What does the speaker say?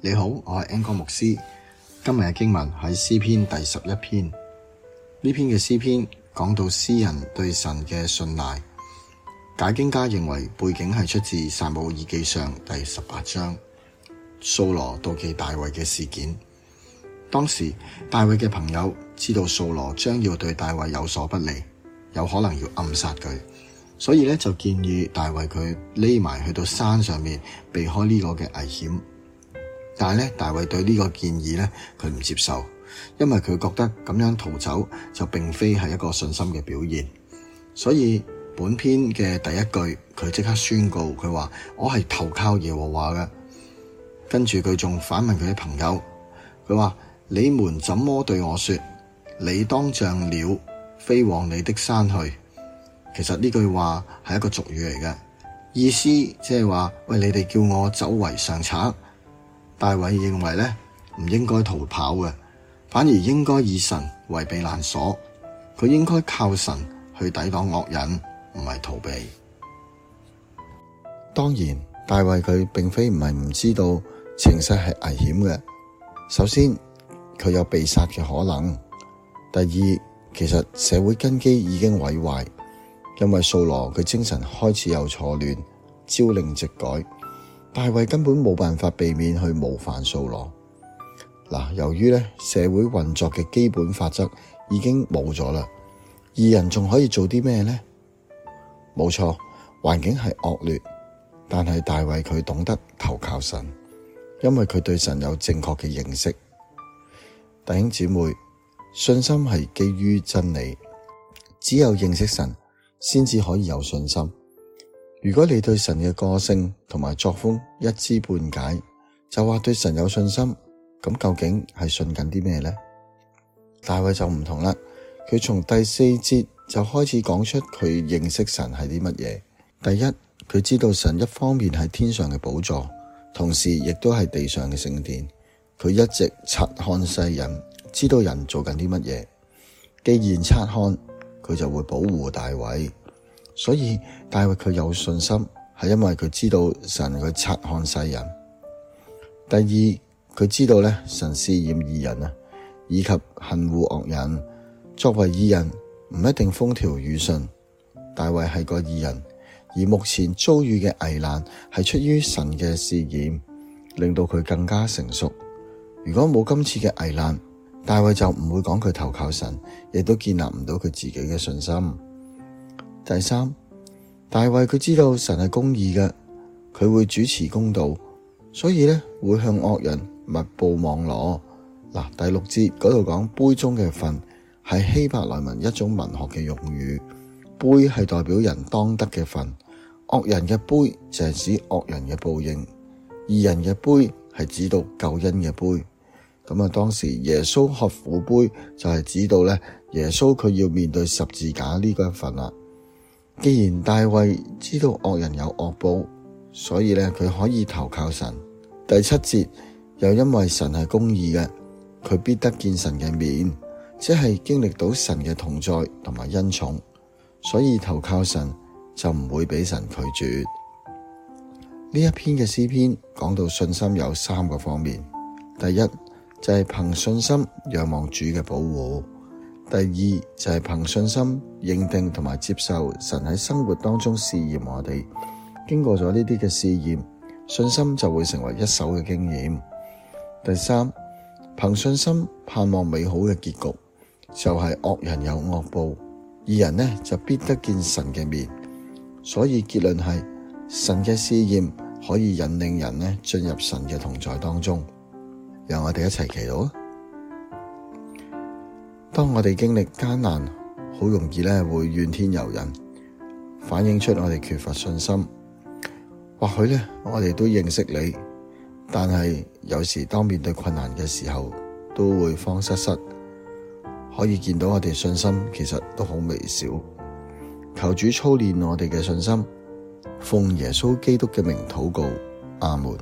你好，我係 Angus 牧師。今日嘅經文喺詩篇第十一篇。呢篇嘅詩篇講到詩人對神嘅信賴。解經家認為背景係出自撒母耳記上第十八章，掃羅妒忌大衛嘅事件。當時大衛嘅朋友知道掃羅將要對大衛有所不利，有可能要暗殺佢，所以呢就建議大衛佢匿埋去到山上面避開呢個嘅危險。但係咧，大衛對呢個建議咧，佢唔接受，因為佢覺得咁樣逃走就並非係一個信心嘅表現。所以本篇嘅第一句，佢即刻宣告，佢話我係投靠耶和華嘅。跟住佢仲反問佢啲朋友，佢話你們怎麼對我說？你當像鳥飛往你的山去？其實呢句話係一個俗語嚟嘅，意思即係話喂，你哋叫我走為上策。大衛認為咧唔應該逃跑嘅，反而應該以神為避難所，佢應該靠神去抵擋惡人，唔係逃避。當然，大衛佢並非唔係唔知道情勢係危險嘅。首先，佢有被殺嘅可能；第二，其實社會根基已經毀壞，因為掃羅佢精神開始有錯亂，朝令夕改。大衛根本冇辦法避免去冒犯掃羅。嗱，由於呢社會運作嘅基本法則已經冇咗啦，義人仲可以做啲咩呢？冇錯，環境係惡劣，但係大衛佢懂得投靠神，因為佢對神有正確嘅認識。弟兄姊妹，信心係基於真理，只有認識神，先至可以有信心。如果你對神嘅個性同埋作風一知半解，就話對神有信心，咁究竟係信緊啲咩呢？大衛就唔同啦，佢從第四節就開始講出佢認識神係啲乜嘢。第一，佢知道神一方面係天上嘅寶座，同時亦都係地上嘅聖殿。佢一直察看世人，知道人做緊啲乜嘢。既然察看，佢就會保護大衛。所以大衛佢有信心，係因為佢知道神佢察看世人。第二，佢知道咧神試驗義人啊，以及恨惡惡人。作為義人，唔一定風調雨順。大衛係個義人，而目前遭遇嘅危難係出於神嘅試驗，令到佢更加成熟。如果冇今次嘅危難，大衛就唔會講佢投靠神，亦都建立唔到佢自己嘅信心。第三，大衛佢知道神係公義嘅，佢會主持公道，所以咧會向惡人密布網羅嗱。第六節嗰度講杯中嘅份係希伯來文一種文學嘅用語，杯係代表人當得嘅份，惡人嘅杯就係指惡人嘅報應，義人嘅杯係指到救恩嘅杯。咁啊，當時耶穌喝苦杯就係指到咧耶穌佢要面對十字架呢個一份啦。既然大衛知道惡人有惡報，所以咧佢可以投靠神。第七節又因為神係公義嘅，佢必得見神嘅面，即係經歷到神嘅同在同埋恩寵，所以投靠神就唔會俾神拒絕。呢一篇嘅詩篇講到信心有三個方面，第一就係憑信心仰望主嘅保護。第二就係憑信心認定同埋接受神喺生活當中試驗我哋，經過咗呢啲嘅試驗，信心就會成為一手嘅經驗。第三，憑信心盼望美好嘅結局，就係惡人有惡報，義人呢就必得見神嘅面。所以結論係神嘅試驗可以引領人呢進入神嘅同在當中。讓我哋一齊祈禱啊！當我哋經歷艱難，好容易咧會怨天尤人，反映出我哋缺乏信心。或許咧，我哋都認識你，但係有時當面對困難嘅時候，都會慌失失。可以見到我哋信心其實都好微小，求主操練我哋嘅信心，奉耶穌基督嘅名禱告，阿門。